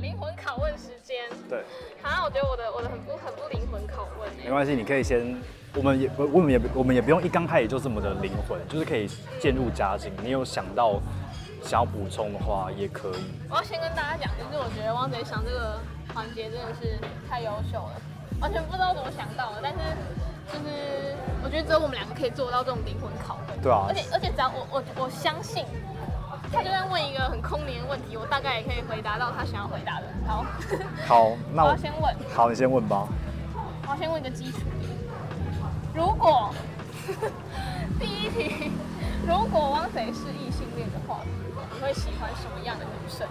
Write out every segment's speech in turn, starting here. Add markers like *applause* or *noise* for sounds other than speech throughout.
靈魂拷問時間，對。好像、啊、我覺得我的我的很不很不靈魂拷問、欸。沒關係，你可以先，我們也不，我們也我們也不用一剛開始就這麼的靈魂，就是可以漸入佳境。你有想到想要補充的話，也可以。我要先跟大家講，就是我覺得汪賊睡這個環節真的是太優秀了，完全不知道怎麼想到了，但是就是我覺得只有我們兩個可以做到這種靈魂拷問。對啊，而且而且只要我我我相信。他就在問一個很空靈的問題，我大概也可以回答到他想要回答的。好，好，那我，我要先問。好，你先問吧。我要先問一個基礎。如果，呵呵，第一題，如果汪賊是異性戀的話，你會喜歡什麼樣的女生？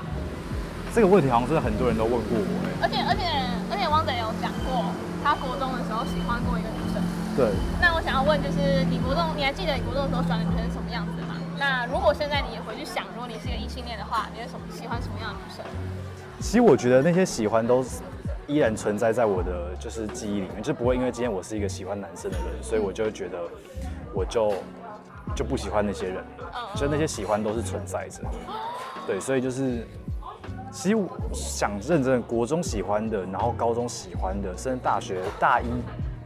這個問題好像真的很多人都問過我。而且而且而且，汪賊有講過他國中的時候喜歡過一個女生。對。那我想要問就是，你國中你還記得你國中的時候轉的女生什麼樣子？那如果現在你回去想，如果你是一個異性戀的話，你會什麼喜歡什麼樣的女生？其實我覺得那些喜歡都依然存在在我的就是記憶裡面，就不會因為今天我是一個喜歡男生的人，所以我就會覺得我就就不喜歡那些人了。就那些喜歡都是存在着，對，所以就是其實我想認真，國中喜歡的，然後高中喜歡的，甚至大學大一。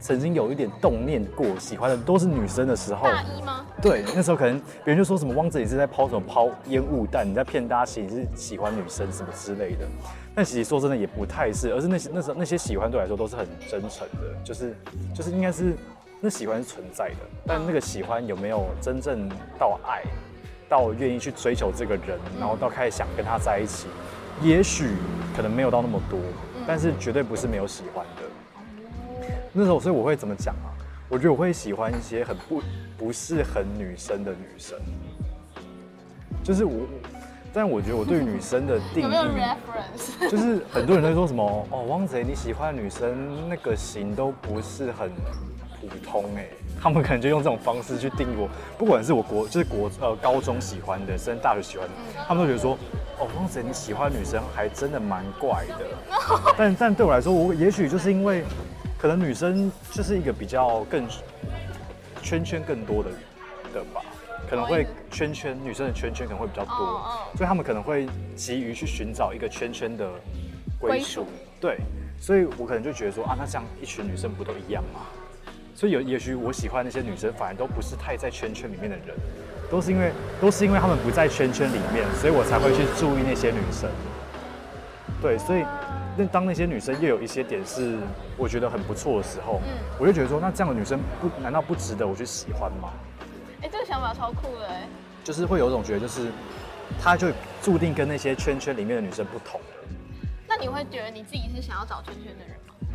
曾經有一點動念過喜歡的都是女生的時候，大一嗎？對，那時候可能別人就說什麼汪賊也是在拋什麼拋煙霧彈，你在騙大家其實你是喜歡女生什麼之類的。但其實說真的也不太是，而是那些那時候那些喜歡對我來說都是很真誠的，就是就是應該是那喜歡是存在的，但那個喜歡有沒有真正到愛，到願意去追求這個人，然後到開始想跟他在一起，嗯、也許可能沒有到那麼多，嗯，但是絕對不是沒有喜歡的。那時候所以我會怎麼講啊？我覺得我會喜歡一些很不不是很女生的女生，就是我，但我覺得我對女生的定義， *laughs* 有沒有 reference？就是很多人都會說什麼哦，汪賊你喜歡的女生那個型都不是很普通哎、欸，他們可能就用這種方式去定義我，不管是我國就是國呃高中喜歡的，甚至大學喜歡的，他們都覺得說哦，汪賊你喜歡女生還真的蠻怪的， *laughs* 但但對我來說我也許就是因為。可能女生就是一個比較更圈圈更多的人的吧，可能會圈圈女生的圈圈可能會比較多，哦哦、所以他們可能會急於去尋找一個圈圈的歸屬。對，所以我可能就覺得說啊，那這樣一群女生不都一樣嗎？所以有也許我喜歡那些女生，反而都不是太在圈圈裡面的人，都是因為都是因為他們不在圈圈裡面，所以我才會去注意那些女生。對，所以。嗯但當那些女生又有一些點是我覺得很不錯的時候，嗯，我就覺得說，那這樣的女生不難道不值得我去喜歡嗎？哎、欸，這個想法超酷的哎、欸！就是會有一種覺得，就是她就注定跟那些圈圈裡面的女生不同。那你會覺得你自己是想要找圈圈的人嗎？嗯、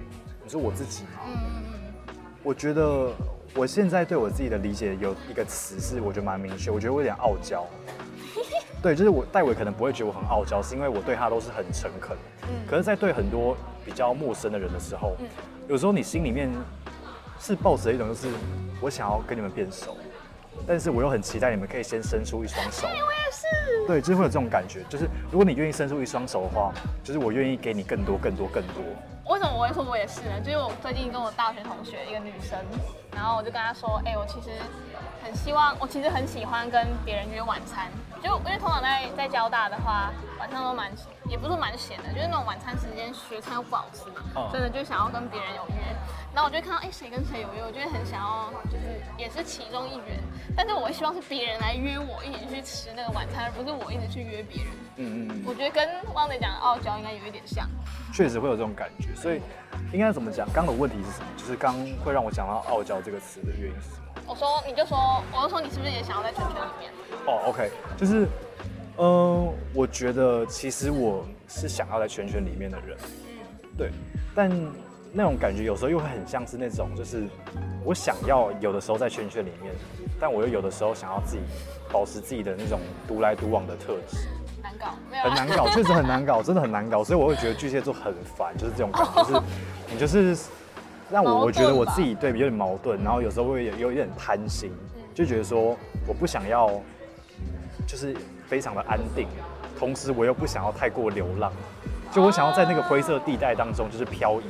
你說我自己嗎？嗯嗯嗯。我覺得我現在對我自己的理解有一個詞是我覺得蠻明確，我覺得我有點傲嬌。 *laughs* 對，就是我玳瑋可能不會覺得我很傲嬌，是因為我對他都是很誠懇。嗯。可是，在對很多比較陌生的人的時候，嗯、有時候你心裡面是抱着一種，就是我想要跟你們變熟，但是我又很期待你們可以先伸出一雙手。對我也是。對，就是、會有這種感覺，就是如果你願意伸出一雙手的話，就是我願意給你更多、更多、更多。為什麼我會說我也是呢？就是我最近跟我大學同學一個女生，然後我就跟她說：“哎、欸，我其實很希望，我其實很喜歡跟別人約晚餐。”就因為通常在在交大的話，晚上都蠻也不是蠻閒的，就是那種晚餐時間，學餐又不好吃嘛，真、嗯、的就想要跟別人有約。然後我就看到哎誰、欸、跟誰有約，我就很想要就是也是其中一員，但是我希望是別人來約我一起去吃那個晚餐，而不是我一直去約別人。嗯嗯，嗯，我覺得跟汪磊講的傲嬌應該有一點像。確實會有這種感覺，所以應該怎麼講？剛剛的問題是什麼？就是剛會讓我想到傲嬌這個詞的原因是什麼。我說，你就說，我就說，你是不是也想要在圈圈裡面？哦、oh,，OK，就是，嗯、呃，我覺得其實我是想要在圈圈裡面的人，嗯，對，但那種感覺有時候又會很像是那種，就是我想要有的時候在圈圈裡面，但我又有的時候想要自己保持自己的那種獨來獨往的特質。難搞？沒有、啊，很難搞，確 *laughs* 實很難搞，真的很難搞，所以我會覺得巨蟹座很煩，就是這種感覺，就是你就是。那我我覺得我自己對比有點矛盾，嗯，然後有時候會有一有一點貪心，就覺得說我不想要，就是非常的安定，同時我又不想要太過流浪，就我想要在那個灰色地帶當中就是漂移。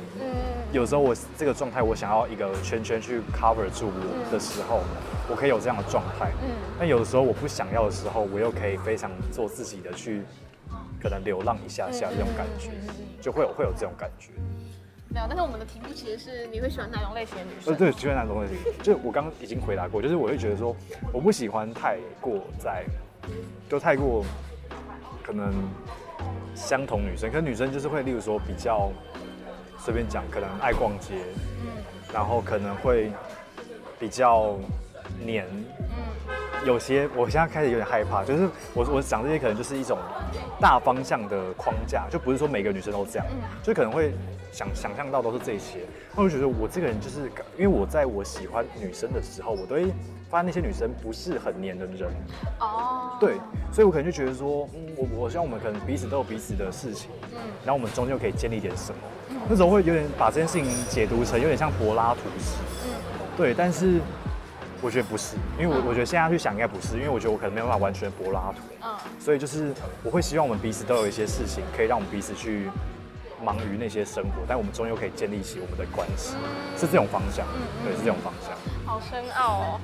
有時候我這個狀態，我想要一個圈圈去 cover 住我的時候，我可以有這樣的狀態。但有的時候我不想要的時候，我又可以非常做自己的去，可能流浪一下下這種感覺，就會有會有這種感覺。沒有，但是我們的題目其實是你會喜歡哪種類型的女生？對，喜歡哪種類型？ *laughs* 就我剛剛已經回答過，就是我會覺得說，我不喜歡太過在，就太過可能相同女生。可是女生就是會，例如說比較隨便講，可能愛逛街、嗯，然後可能會比較黏。有些我現在開始有點害怕，就是我我講這些可能就是一種大方向的框架，就不是說每個女生都這樣，就可能會想想象到都是這些那我覺得我這個人就是因為我在我喜歡女生的時候，我都會發現那些女生不是很黏的人。哦，對，所以我可能就覺得說，嗯，我我希望我們可能彼此都有彼此的事情，嗯，然後我們終究可以建立點什麼，那時候會有點把這件事情解讀成有點像柏拉圖式，嗯，對，但是。我覺得不是，因為我我覺得現在去想應該不是、嗯，因為我覺得我可能沒有辦法完全柏拉圖，嗯，所以就是我會希望我們彼此都有一些事情可以讓我們彼此去忙於那些生活，但我們終究可以建立起我們的關係、嗯嗯，是這種方向，嗯，嗯，對，是這種方向。好深奧哦，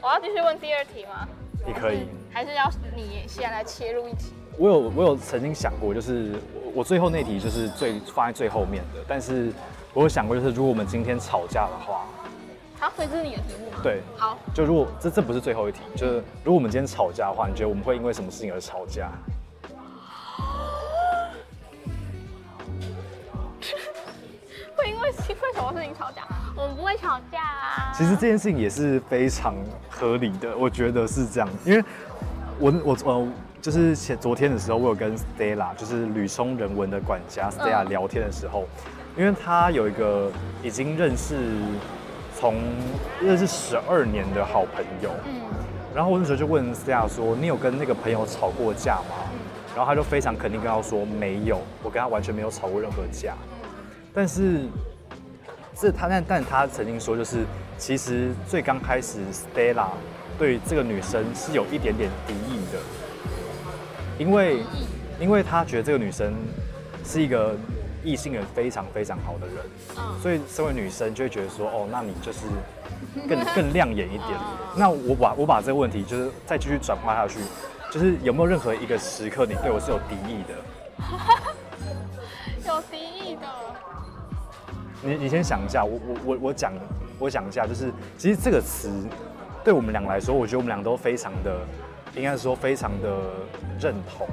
我要繼續問第二題嗎？你可以，還是要你先來切入一題？我有我有曾經想過，就是我，我最後那題就是最放在最後面的，但是我有想過，就是如果我們今天吵架的話。好、啊，這是你的題目。對，好，就如果這這不是最後一題，就是如果我們今天吵架的話，你覺得我們會因為什麼事情而吵架？ *laughs* 會因為，為什麼事情吵架？我們不會吵架啊。其實這件事情也是非常合理的，我覺得是這樣，因為我我呃，我就是前昨天的時候，我有跟 Stella，就是呂松人文的管家 Stella 聊天的時候，嗯、因為他有一個已經認識。從認識十二年的好朋友，然後我那時候就問 Stella 說：“你有跟那個朋友吵過架嗎？”然後他就非常肯定跟他說：“沒有，我跟他完全沒有吵過任何架。”但是，這他但但他曾經說，就是其實最剛開始，Stella 對這個女生是有一點點敵意的，因為因為他覺得這個女生是一個。異性緣非常非常好的人、嗯，所以身為女生就會覺得說，哦，那你就是更更亮眼一點。嗯、那我把我把這個問題就是再繼續轉化下去，就是有沒有任何一個時刻你對我是有敵意的？嗯、 *laughs* 有敵意的？你你先想一下，我我我我講我講一下，就是其實這個詞對我們倆來說，我覺得我們倆都非常的，應該說非常的認同。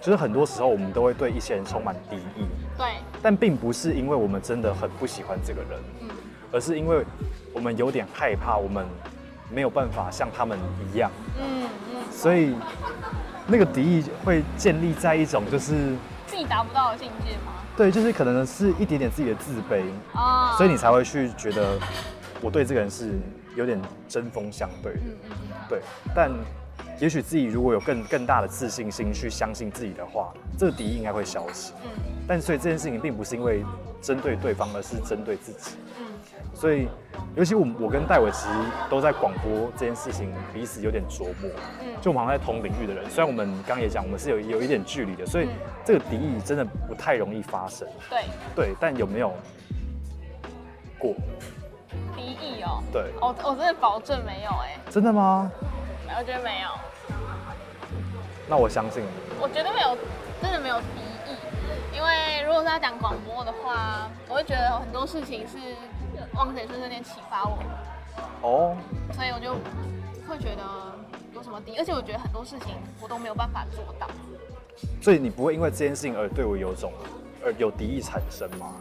就是很多時候，我們都會對一些人充滿敵意。對。但並不是因為我們真的很不喜歡這個人，嗯，而是因為我們有點害怕，我們沒有辦法像他們一樣，嗯嗯。所以，那個敵意會建立在一種就是自己達不到的境界嗎？對，就是可能是一點點自己的自卑啊，嗯，所以你才會去覺得我對這個人是有點針鋒相對的，嗯，對，但。也許自己如果有更更大的自信心去相信自己的話，這個敵意應該會消失。嗯，但所以這件事情並不是因為針對對方，而是針對自己。嗯，所以尤其我我跟玳瑋其實都在廣播這件事情，彼此有點琢磨。嗯，就我們好像在同領域的人，雖然我們剛剛也講我們是有有一點距離的，所以、嗯、這個敵意真的不太容易發生。對，對，但有沒有過敵意哦？對，我、哦、我真的保證沒有哎、欸。真的嗎？我覺得沒有。那我相信你，我覺得沒有，真的沒有敵意，因為如果是要講廣播的話，我會覺得很多事情是汪姐是有點啟發我的，哦，所以我就會覺得有什麼敵，而且我覺得很多事情我都沒有辦法做到，所以你不會因為這件事情而對我有種，而有敵意產生嗎？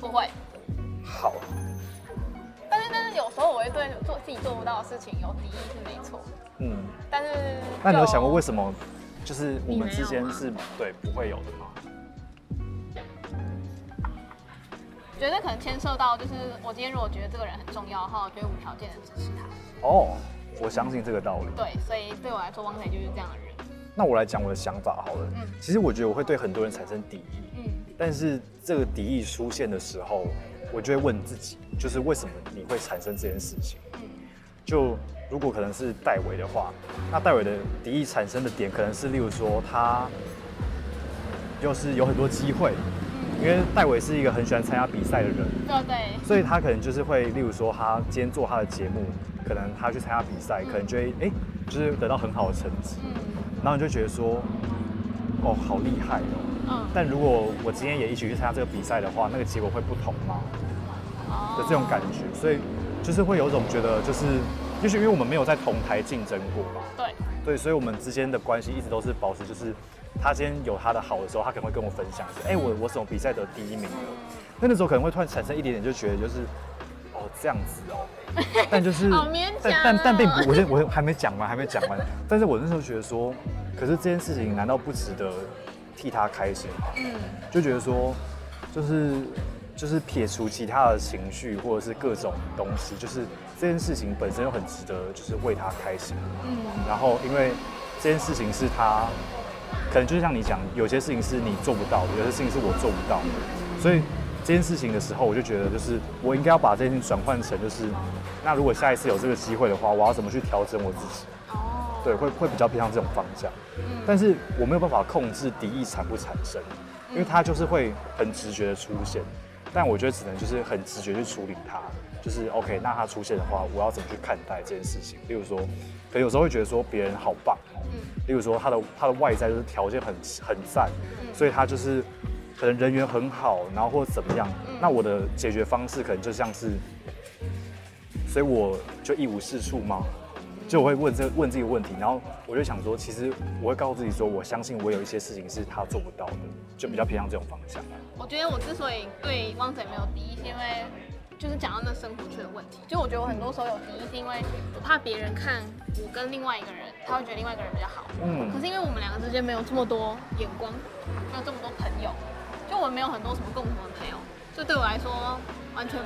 不會。好、啊。但是但是有時候我會對做自己做不到的事情有敵意是沒錯。嗯，但是那你有想過為什麼？就是我們之間是對不會有的嗎？覺得可能牽涉到，就是我今天如果覺得這個人很重要的話，我就無條件的支持他。哦，我相信這個道理。對，所以對我來說，汪賊就是這樣的人。嗯，那我來講我的想法好了。嗯。其實我覺得我會對很多人產生敵意。嗯。但是這個敵意出現的時候，我就會問自己，就是為什麼你會產生這件事情？嗯。就。如果可能是玳瑋的話，那玳瑋的敵意產生的點可能是，例如說他就是有很多機會、嗯，因為玳瑋是一個很喜歡參加比賽的人，對、嗯、對，所以他可能就是會，例如說他今天做他的節目，可能他去參加比賽、嗯，可能覺得哎，就是得到很好的成績、嗯，然後你就覺得說，哦，好厲害哦。嗯。但如果我今天也一起去參加這個比賽的話，那個結果會不同嗎、哦？的這種感覺，所以就是會有一種覺得就是。就是因為我們沒有在同台競爭過嘛，對對，所以我們之間的關係一直都是保持，就是他今天有他的好的時候，他可能會跟我分享說，哎、欸，我我什麼比賽得第一名了，那那時候可能會突然產生一點點，就覺得就是哦這樣子哦，但就是 *laughs* 好但但但並不，我先我還沒講完，還沒講完，但是我那時候覺得說，可是這件事情難道不值得替他開心嗎？嗯，就覺得說，就是就是撇除其他的情緒或者是各種東西，就是。這件事情本身又很值得，就是為他開心。嗯。然後，因為這件事情是他，可能就是像你講，有些事情是你做不到的，有些事情是我做不到。所以這件事情的時候，我就覺得就是我應該要把這件事情轉換成就是，那如果下一次有這個機會的話，我要怎麼去調整我自己？對，會會比較偏向這種方向。但是我沒有辦法控制敵意產不產生，因為他就是會很直覺的出現。但我覺得只能就是很直覺去處理它，就是 OK。那他出現的話，我要怎麼去看待這件事情？例如說，可能有時候會覺得說別人好棒，嗯，例如說他的他的外在就是條件很很贊，嗯，所以他就是可能人緣很好，然後或者怎麼樣，嗯。那我的解決方式可能就像是，所以我就一無是處嗎？就我會問這問這個問題，然後我就想說，其實我會告訴自己說，我相信我有一些事情是他做不到的，就比較偏向這種方向。我覺得我之所以對汪仔沒有敵意，是因為就是講到那生活圈的問題。就我覺得我很多時候有敵意，是因為我怕別人看我跟另外一個人，他會覺得另外一個人比較好。嗯。可是因為我們兩個之間沒有這麼多眼光，沒有這麼多朋友，就我們沒有很多什麼共同的朋友，所以對我來說，完全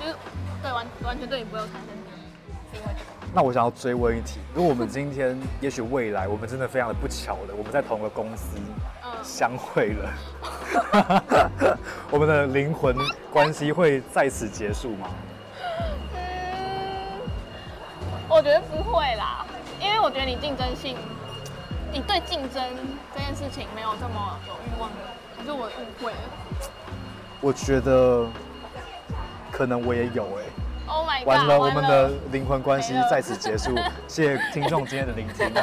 就是對完完全對你不會有產生敵意，是因為這個。那我想要追問一題，如果我們今天，嗯、也許未來，我們真的非常的不巧了，我們在同一個公司相會了，嗯、 *laughs* *laughs* 我們的靈魂關係會在此結束嗎？嗯，我覺得不會啦，因為我覺得你競爭性，你對競爭這件事情沒有這麼有欲望的，可是我誤會了。我覺得，可能我也有哎、欸。Oh my God, 完了，完了，我們的靈魂關係在此結束。 *laughs* 謝謝聽眾今天的聆聽。 *laughs* *laughs*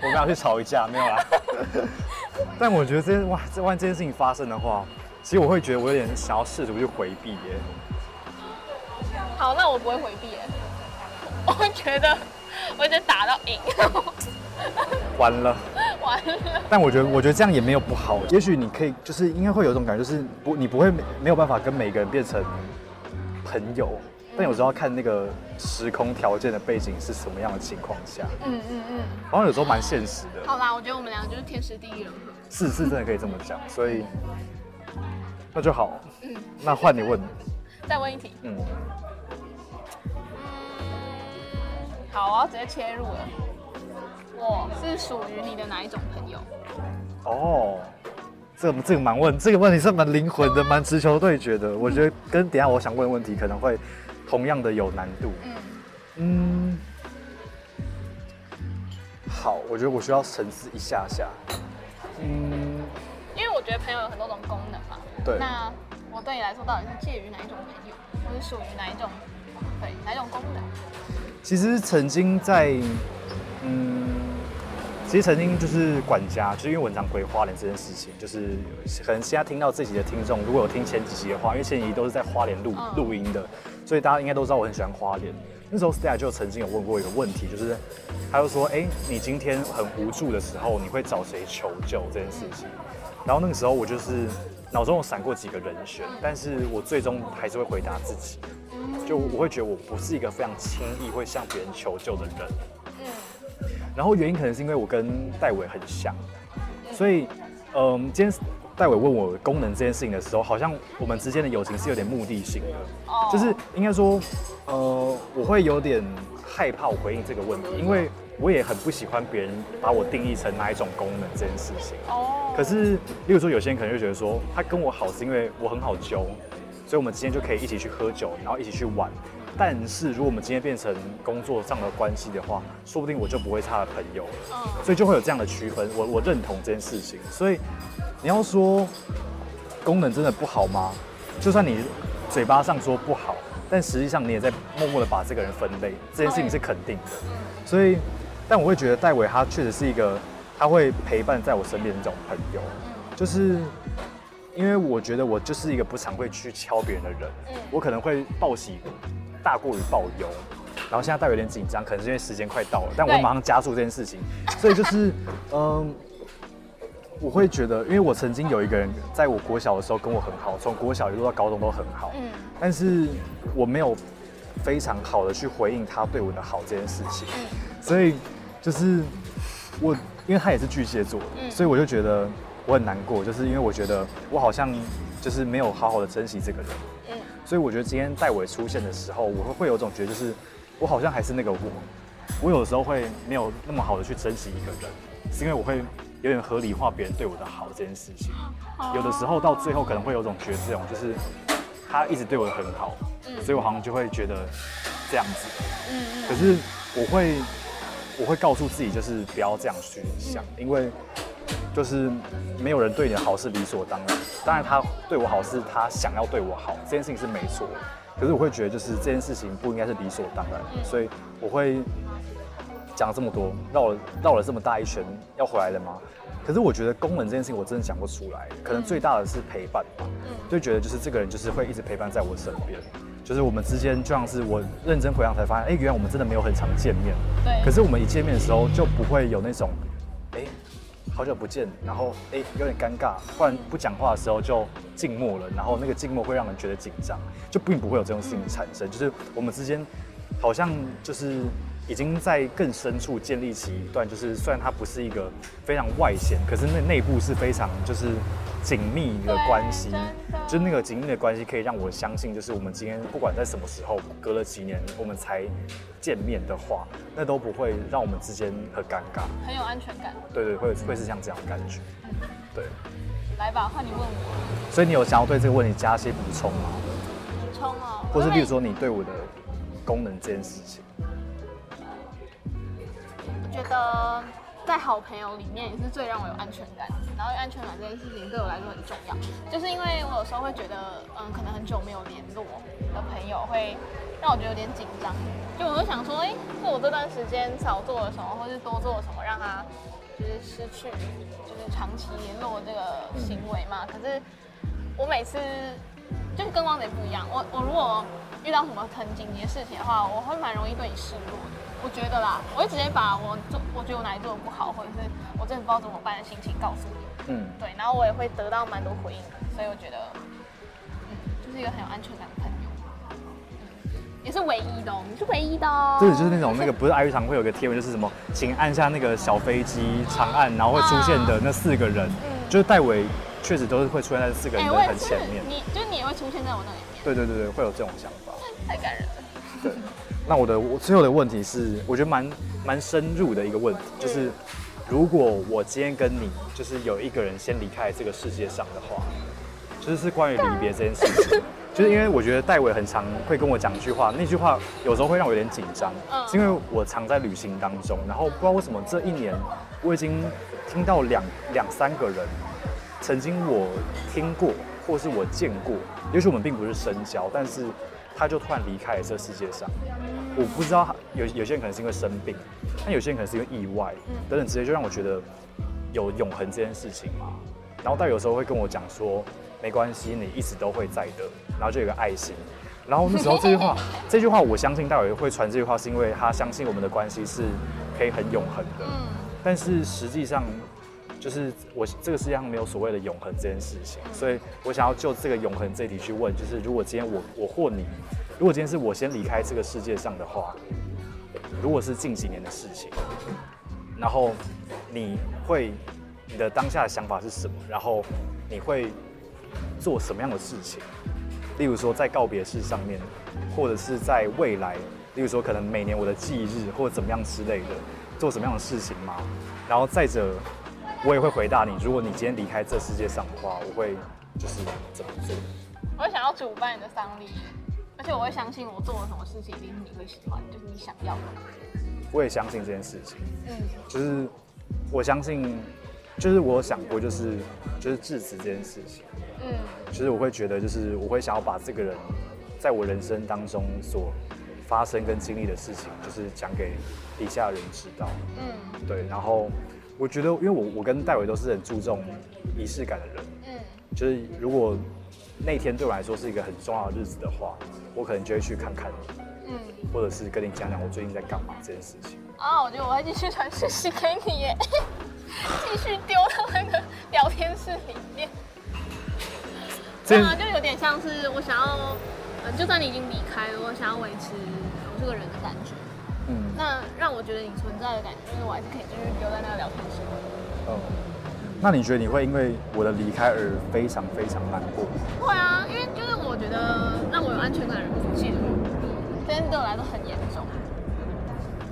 我們要去吵一架。沒有啦。 *laughs* 但我覺得這件哇，這萬一這件事情發生的話，其實我會覺得我有點想要試圖去回避耶。好，那我不會回避耶。 *laughs* 我會覺得，我已經打到贏了。 *laughs* 完了。完了。但我覺得，我覺得這樣也沒有不好。也許你可以，就是應該會有一種感覺，就是不，你不會沒有辦法跟每個人變成朋友。但有時候要看那個時空條件的背景是什麼樣的情況下，嗯嗯嗯，好像有時候蠻現實的。好啦，我覺得我們兩個就是天時地利人和。是是，真的可以這麼講，所以、嗯、那就好。嗯，那換你問。再問一題嗯。嗯。好，我要直接切入了。我是屬於你的哪一種朋友？哦。這個這個蠻問，這個問題是蠻靈魂的，蠻直球對決的。我覺得跟等下我想問的問題可能會。同樣的有難度。嗯，嗯，好，我覺得我需要沉思一下下，嗯，因為我覺得朋友有很多種功能嘛，對，那我對你來說到底是介於哪一種朋友，或、就是屬於哪一種，對，哪一種功能？其實曾經在。其實曾經就是管家，就是因為文章歸花蓮這件事情，就是可能現在聽到這集的聽眾，如果有聽前幾集的話，因為前幾集都是在花蓮錄錄音的，所以大家應該都知道我很喜歡花蓮。那時候 Sty 就曾經有問過一個問題，就是他就說：“哎、欸，你今天很無助的時候，你會找誰求救？”這件事情，然後那個時候我就是腦中有閃過幾個人選，但是我最終還是會回答自己，就我，我會覺得我不是一個非常輕易會向別人求救的人。然後原因可能是因為我跟玳瑋很像，所以，嗯，今天玳瑋問我功能這件事情的時候，好像我們之間的友情是有點目的性的，就是應該說，呃，我會有點害怕我回應這個問題，因為我也很不喜歡別人把我定義成哪一種功能這件事情。哦，可是，例如說，有些人可能就覺得說，他跟我好是因為我很好揪，所以我們之間就可以一起去喝酒，然後一起去玩。但是，如果我們今天變成工作上的關係的話，說不定我就不會他的朋友了。所以就會有這樣的區分。我我認同這件事情。所以你要說功能真的不好嗎？就算你嘴巴上說不好，但實際上你也在默默的把這個人分類。這件事情是肯定的。所以，但我會覺得玳瑋他確實是一個他會陪伴在我身邊的這種朋友。就是因為我覺得我就是一個不常會去敲別人的人。我可能會報喜。大過於抱擁，然後現在倒有點緊張，可能是因為時間快到了，但我馬上加速這件事情。所以就是，嗯，呃，我會覺得，因為我曾經有一個人在我國小的時候跟我很好，從國小一路到高中都很好，嗯，但是我沒有非常好的去回應他對我的好這件事情，所以就是我，因為他也是巨蟹座，所以我就覺得我很難過，就是因為我覺得我好像就是沒有好好的珍惜這個人。所以我覺得今天玳瑋出現的時候，我會會有種覺得，就是我好像還是那個我。我有的時候會沒有那麼好的去珍惜一個人，是因為我會有點合理化別人對我的好這件事情。有的時候到最後可能會有種覺得這種，就是他一直對我很好，所以我好像就會覺得這樣子。嗯。可是我會我會告訴自己，就是不要這樣去想，因為。就是沒有人對你的好是理所當然。當然他對我好是他想要對我好，這件事情是沒錯。可是我會覺得就是這件事情不應該是理所當然，所以我會講這麼多，繞了繞了這麼大一圈要回來了嗎？可是我覺得功能這件事情我真的講不出來，可能最大的是陪伴。嗯，就覺得就是這個人就是會一直陪伴在我身邊，就是我們之間就像是我認真回想才發現，哎、欸，原來我們真的沒有很常見面。對。可是我們一見面的時候就不會有那種。好久不見，然後哎、欸，有點尷尬。突然不講話的時候就靜默了，然後那個靜默會讓人覺得緊張，就並不會有這種事情產生。就是我們之間好像就是。已經在更深處建立起一段，就是雖然它不是一個非常外顯，可是那內部是非常就是緊密的關係，就是、那個緊密的關係可以讓我相信，就是我們今天不管在什麼時候，隔了幾年我們才見面的話，那都不會讓我們之間很尷尬，很有安全感，對對，對，會會是像這樣的感覺，對，嗯、來吧，換你問我，所以你有想要對這個問題加一些補充嗎？補充哦、喔，或是比如說你對我的功能這件事情，的、uh, 在好朋友裡面也是最讓我有安全感，然後安全感這件事情對我來說很重要，就是因為我有時候會覺得，嗯，可能很久沒有聯絡的朋友會讓我覺得有點緊張，就我會想說，哎、欸，是我這段時間少做了什麼，或是多做了什麼，讓他就是失去就是長期聯絡的這個行為嘛？嗯、可是我每次就是跟汪賊不一樣，我我如果遇到什麼很緊急的事情的話，我會蠻容易對你失落的。我覺得啦，我會直接把我做我覺得我哪裡做的不好，或者是我真的不知道怎麼辦的心情告訴你。嗯，對，然後我也會得到蠻多回應的，所以我覺得、嗯、就是一個很有安全感的朋友、嗯，也是唯一的、喔，哦，你是唯一的、喔。對，就是那種、就是、那個，不是 IG 上會有個貼文，就是什麼，請按下那個小飛機，長按，然後會出現的那四個人，就是玳瑋，確實都是會出現在這四個人的、欸就是、很前面。你，就是你也會出現在我那裡面。對對對對，會有這種想法。太感人了。那我的我最後的問題是，我覺得蠻蠻深入的一個問題，就是如果我今天跟你就是有一個人先離開這個世界上的話，就是是關於離別這件事情，就是因為我覺得玳瑋很常會跟我講一句話，那句話有時候會讓我有點緊張，是因為我常在旅行當中，然後不知道為什麼這一年我已經聽到兩兩三個人曾經我聽過或是我見過，也許我們並不是深交，但是他就突然離開了這個世界上。我不知道有有些人可能是因為生病，但有些人可能是因為意外，嗯、等等，直接就讓我覺得有永恆這件事情嘛。然後玳瑋有時候會跟我講說，沒關係，你一直都會在的。然後就有個愛心。然後那時候這句話， *laughs* 這句話我相信玳瑋會傳這句話，是因為他相信我們的關係是可以很永恆的，嗯。但是實際上，就是我這個世界上沒有所謂的永恆這件事情，所以我想要就這個永恆這一題去問，就是如果今天我我或你。如果今天是我先離開這個世界上的話，如果是近幾年的事情，然後你會你的當下的想法是什麼？然後你會做什麼樣的事情？例如說在告別式上面，或者是在未來，例如說可能每年我的忌日或者怎麼樣之類的，做什麼樣的事情嗎？然後再者，我也會回答你，如果你今天離開這世界上的話，我會就是怎麼做？我想要主辦你的喪禮。而且我會相信，我做了什麼事情一定你會喜歡，就是你想要的。我也相信這件事情。嗯，就是我相信，就是我想過、就是嗯，就是就是致辭這件事情。嗯，其實就是我會覺得，就是我會想要把這個人在我人生當中所發生跟經歷的事情，就是講給底下的人知道。嗯，對。然後我覺得，因為我我跟玳瑋都是很注重儀式感的人。嗯，就是如果。那天對我來說是一個很重要的日子的話，我可能就會去看看你，嗯，或者是跟你講講我最近在幹嘛這件事情。啊、哦，我覺得我會繼續傳訊息給你耶，繼 *laughs* 續丟到那個聊天室裡面。這、嗯、樣、嗯嗯、就有點像是我想要，就算你已經離開了，我想要維持這個人的感覺。嗯，那讓我覺得你存在的感覺，就是我還是可以繼續丟在那個聊天室裡面。哦、嗯。那你覺得你會因為我的離開而非常非常難過？會啊，因為就是我覺得讓我有安全感的人不見了，真的來得很嚴重。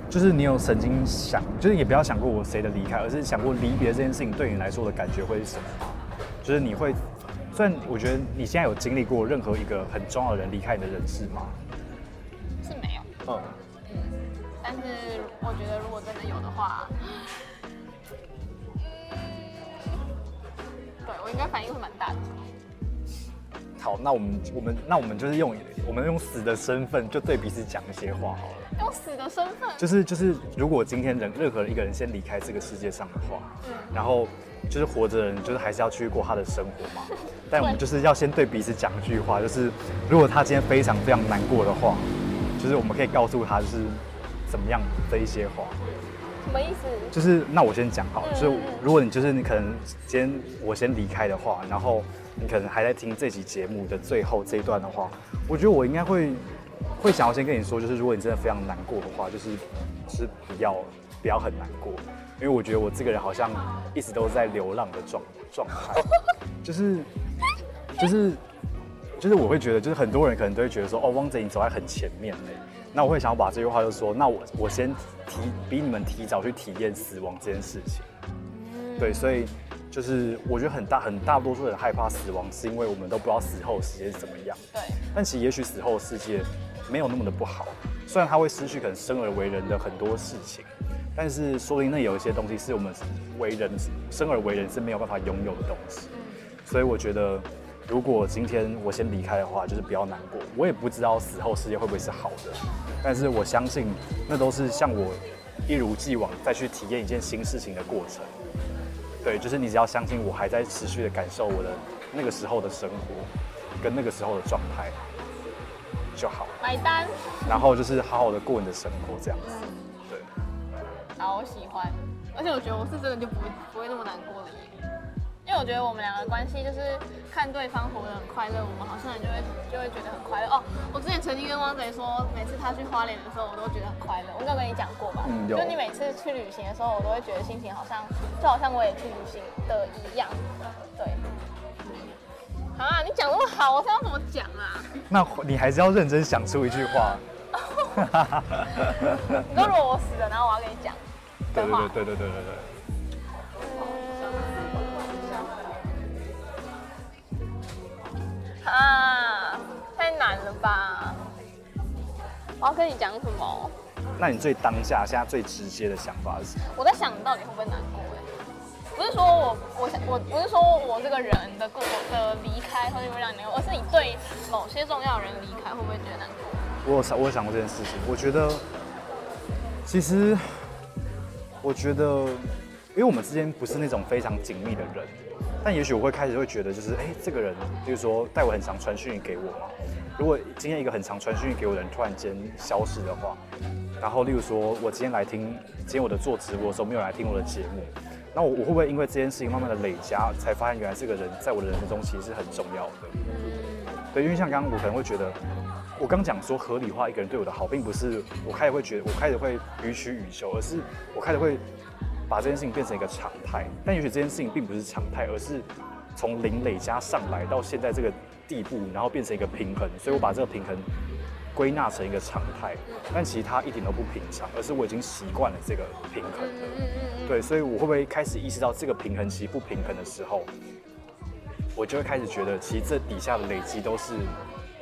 就是你有曾經想，就是也不要想過我誰的離開，而是想過離別這件事情對你來說的感覺會是什麼？就是你會，雖然我覺得你現在有經歷過任何一個很重要的人離開你的人世嗎？是沒有嗯。嗯。但是我覺得如果真的有的話。好，那我們我們那我們就是用我們用死的身份，就對彼此講一些話好了。用死的身份，就是就是，如果今天人任何一個人先離開這個世界上的話，嗯，然後就是活着的人就是還是要去過他的生活嘛。嗯，但我們就是要先對彼此講一句話，就是如果他今天非常非常難過的話，就是我們可以告訴他，就是怎麼樣這一些話。什麼意思？就是那我先講好了，對對對，就是如果你就是你可能今天我先離開的話，然後。你可能還在聽這期節目的最後這一段的話，我覺得我應該會會想要先跟你說，就是如果你真的非常難過的話，就是是不要不要很難過，因為我覺得我這個人好像一直都是在流浪的狀狀態，就是就是就是我會覺得，就是很多人可能都會覺得說，哦，汪賊你走在很前面嘞。那我會想要把這句話就是說，那我我先提比你們提早去體驗死亡這件事情，嗯、對，所以。就是我覺得很大，很大多數人害怕死亡，是因為我們都不知道死後世界是怎麼樣。對。但其實也許死後的世界沒有那麼的不好，雖然他會失去可能生而為人的很多事情，但是說不定那有一些東西是我們為人生而為人是沒有辦法擁有的東西。嗯。所以我覺得，如果今天我先離開的話，就是不要難過。我也不知道死後世界會不會是好的，但是我相信那都是像我一如既往再去體驗一件新事情的過程。對，就是你只要相信我，還在持續的感受我的那個時候的生活，跟那個時候的狀態就好，買單。然後就是好好的過你的生活，這樣子。嗯、對，好，我喜歡，而且我覺得我是真的就不會不會那麼難過了耶。因為我覺得我們兩個關係就是看對方活得很快樂，我們好像就會就會覺得很快樂哦。我之前曾經跟汪賊說，每次他去花蓮的時候，我都覺得很快樂。我應該跟你講過吧？就你每次去旅行的時候，我都會覺得心情好像就好像我也去旅行的一樣。對。啊！你講那麼好，我想要怎麼講啊？那你還是要認真想出一句話。 *laughs* *laughs* 你都如果我死了，然後我要跟你講。 *laughs* 對，對，對對對對對對對。啊，太難了吧！我要跟你講什麼？那你最當下現在最直接的想法是什麼？我在想你到底會不會難過欸？不是說我我我不是說我這個人的過，的離開會不會讓你，而是你對某些重要人離開會不會覺得難過？我有想，我有想過這件事情。我覺得，其實，我覺得，因為我們之間不是那種非常緊密的人。但也許我會開始會覺得，就是哎、欸，這個人，例如說玳瑋很長傳訊給我嘛。如果今天一個很長傳訊給我的人突然間消失的話，然後例如說我今天來聽，今天我的做直播的時候沒有來聽我的節目，那我我會不會因為這件事情慢慢的累加，才發現原來這個人在我的人生中其實是很重要的？對，因為像剛剛我可能會覺得，我剛講說合理化一個人對我的好，並不是我開始會覺得，得我開始會予取予求，而是我開始會。把這件事情變成一個常態，但也許這件事情並不是常態，而是從零累加上來到現在這個地步，然後變成一個平衡。所以我把這個平衡歸納成一個常態，但其實它一點都不平常，而是我已經習慣了這個平衡的。對，所以我會不會開始意識到這個平衡其實不平衡的時候，我就會開始覺得，其實這底下的累積都是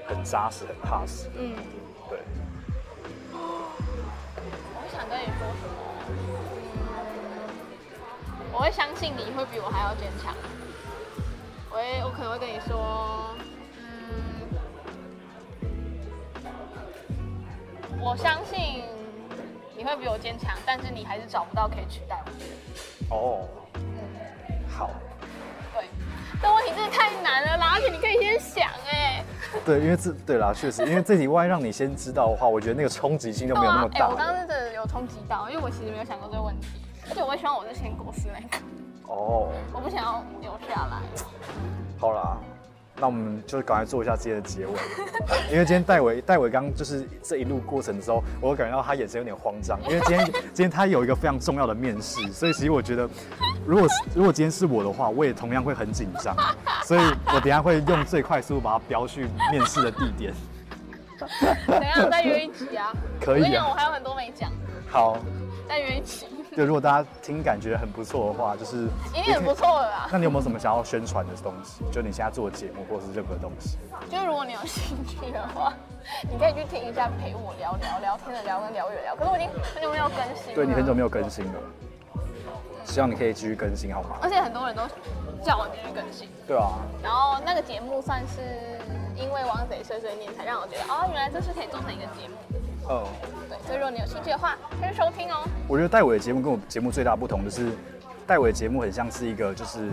很扎實、很踏實的。嗯。對。我想跟你說說。我會相信你會比我還要堅強。我我可能會跟你說，嗯，我相信你會比我堅強，但是你還是找不到可以取代我覺得。哦。嗯。好。對。這問題真的太難了啦，而且你可以先想哎、欸。對，因為這對啦，確實，因為這裡萬一讓你先知道的話， *laughs* 我覺得那個衝擊性就沒有那麼大，啊欸。我剛剛真的有衝擊到，因為我其實沒有想過這個問題。我就會希望我喜歡我在先過世那個，哦、oh.，我不想要留下來。好啦，那我們就趕快做一下今天的結尾， *laughs* 因為今天玳瑋玳瑋剛，剛就是這一路過程之後，我感覺到他眼神有點慌張，因為今天 *laughs* 今天他有一個非常重要的面試，所以其實我覺得，如果如果今天是我的話，我也同樣會很緊張， *laughs* 所以我等一下會用最快速度把他飆去面試的地點。 *laughs* 等一下我再約一起啊，可以啊，我，我還有很多沒講。好，再約一起。對，如果大家聽感覺很不錯的話，就是也很不錯的啊。那你有沒有什麼想要宣傳的東西、嗯？就你現在做節目或者是任何東西？就如果你有興趣的話，你可以去聽一下陪我聊療，聊天的聊跟療癒的療。可是我已經很久沒有更新了。對，你很久沒有更新了。希望你可以繼續更新，好嗎？而且很多人都叫我繼續更新。對啊。然後那個節目算是因為汪賊睡碎念，才讓我覺得哦，原來這是可以做成一個節目。哦、oh，對，所以如果你有興趣的話，可以收聽哦。我覺得玳瑋的節目跟我節目最大的不同就是，玳瑋的節目很像是一個就是，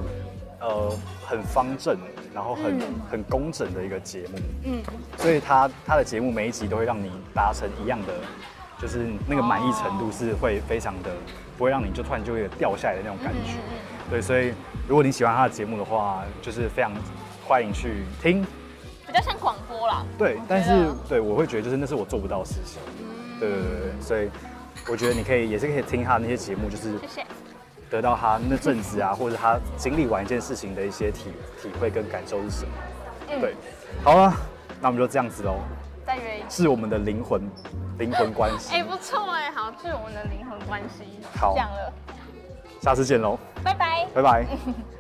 呃，很方正，然後很、嗯、很工整的一個節目。嗯，所以他他的節目每一集都會讓你達成一樣的，就是那個滿意程度是會非常的，哦、不會讓你就突然就會掉下來的那種感覺，嗯、嗯、嗯。對，所以如果你喜歡他的節目的話，就是非常歡迎去聽。比較像廣播啦，對，但是對我會覺得就是，那是我做不到的事情，嗯、對，對對對，所以我覺得你可以 *laughs* 也是可以聽他那些節目，就是得到他那陣子啊，謝謝或者他經歷完一件事情的一些體 *laughs* 體會跟感受是什麼，嗯、對，好啊，那我們就這樣子嘍，再約是我們的靈魂靈魂關係，哎、欸，不錯哎、欸，好，是我們的靈魂關係，好，這樣了，下次見嘍，拜拜，拜拜。 *laughs*